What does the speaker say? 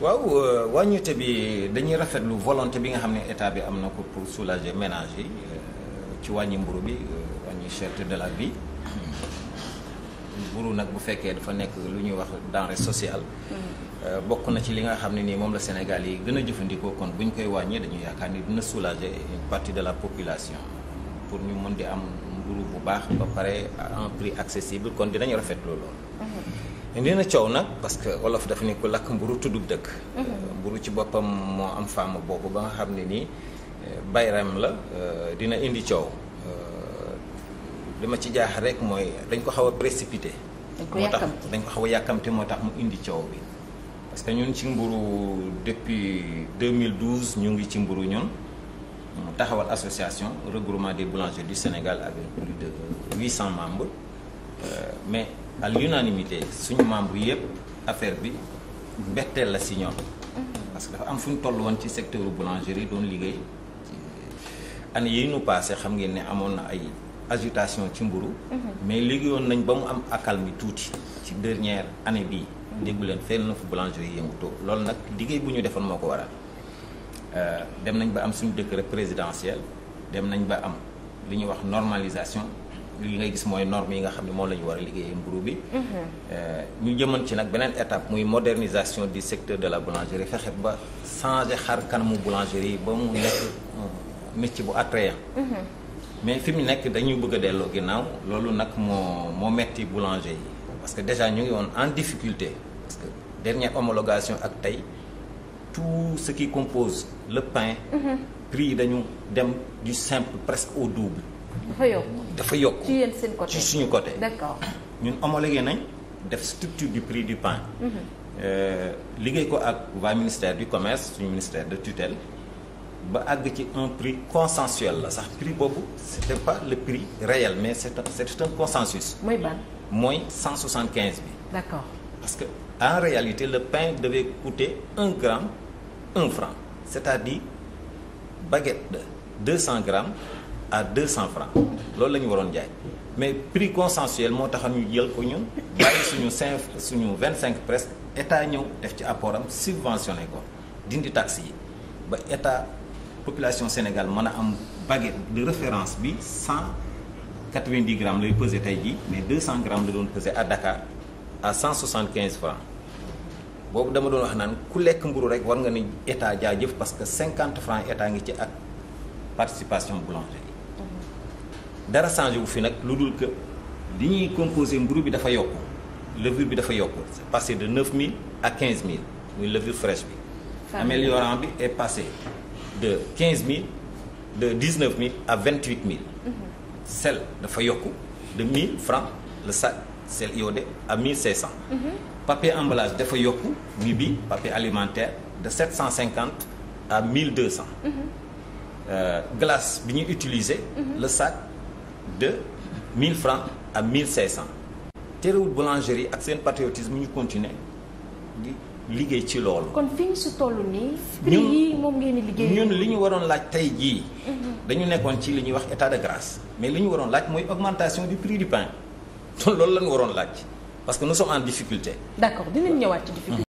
waaw euh, wàññite bi dañuy rafetlu volonté bi nga xam ne état bi am na ko pour soulager ménage yi euh, ci wàññi mburu bi euh, wàññi cherté de la vie mburu nag bu fekkee dafa nekk lu ñuy wax denrée sociale bokk na ci li nga xam ne nii moom la Sénégal yi gën a jëfandikoo kon bu ñu koy wàññee dañu yaakaar ni dina soulager une partie de la population pour ñu mun di am mburu bu baax ba pare à un prix accessible kon dinañu rafetlu loolu Mm-hmm. nee na coow nag parce que wolof dafa ne ku lakk mburu tuddub dëkk mm-hmm. mburu ci boppam moo am faama boobu ba nga xam ne nii eh, bayram la eh, dina indi coow eh, li ma ci jaax rek mooy dañ ko xaw a précipité moo tax dañ ko xaw a yàkkamte moo tax mu indi coow bi parce que ñun ci mburu depuis ñu ngi ci mburu ñun taxawal association regroupement de boulangers du Sénégal avec plus de 800 membres Euh, mais à l'unanimité suñu membre yëpp affaire bi mbetteel la si ñoom mhm. parce que dafa am fu ñu toll woon ci secteur boulangerie doon liggéey année yi nu passé xam ngeen ne amoon na ay agitation ci mburu mhm. mais liggéeyoon nañ ba mu am accalmie tuuti ci dernière année bii mhm. déggu leen na fu boulangerie yëngutoo loolu nag liggéey bu ñu defoon moo ko waral euh, dem nañ ba am suñ suñu décret présidentiel dem nañ ba am li ñuy wax normalisation li ngay gis mooy normes yi nga xam ne moo lañu ñu war a liggéeyee mburu bi. Mhm. Euh, ñu jëman ci nag beneen étape muy modernisation du secteur de la boulangerie fexe ba changer xar kanamu boulangerie ba mu nekk métier bu attrayant. Mhm. mais fi mu nekk dañuy bëgg a delloo ginnaaw loolu nag moo moo metti boulanger yi parce que déjà ñu ngi woon en difficulté parce que dernier homologation ak tey tout ce qui compose le pain. Mhm. prix yi dañu dem du simple presque au double. dafa yokk dafa yokk ci yéen seen côté ci suñu côté. d'accord ñun homologué nañ def structure du prix du pain. Mhm. Euh, liggéey ko ak waa ministère du commerce suñu ministère de tutelle ba àgg ci un prix consensuel la sax prix boobu c'était pas le prix réel mais c'est un c'est un consensus. mooy ban mooy 175 bi. d'accord parce que en réalité le pain devait coûter un gramme un franc cest à di baguette de 200 grammes. à 200 francs loolu la ñu waroon jaay mais prix consensuel moo taxam ñu jël ko ñun bàyyi suñu cinq suñu cinq presque état ñëw def ci apport am subventionné ko dindi taxes yi ba état population Sénégal mën a am baguette de référence bi cent 190 grammes lay pesé tey jii mais 200 grammes la doon pesé à Dakar à 175 francs boobu dama doon wax naan ku lekk mburu rek war nga ni état jaajëf parce que 50 francs état ngi ci ak participation boulanger yi dara changé wu fi nag lu dul que li ñuy composé mburu bi dafa yokku levure bi dafa yokku c'est passé de 9000 à 15000 muy levure fraîche bi. améliorant bi est passé de 15000 de 19000 à 28000. Mm-hmm. sel dafa yokku de 1000 francs le sac sel iodé à 1500. Mm-hmm. papier emballage dafa yokk muy bi papier alimentaire de cent 750 à 1200. Mm-hmm. Euh, glace bi ñuy utiliser. le sac. de 1000 francs à 1500 terewul boulangerie ak seen patriotisme ñu continuer liggéey ci loolu. kon fi su si nii. prix yi moom ngeen di liggéey ñun li ñu waroon laaj tey jii. Mhm. dañu nekkoon ci li ñuy wax état de grâce mais li ñu waroon laaj mooy augmentation du prix du pain loolu la ñu waroon laaj parce que nous sommes en difficulté. d'accord dinañ ñëwaat ci difficulté.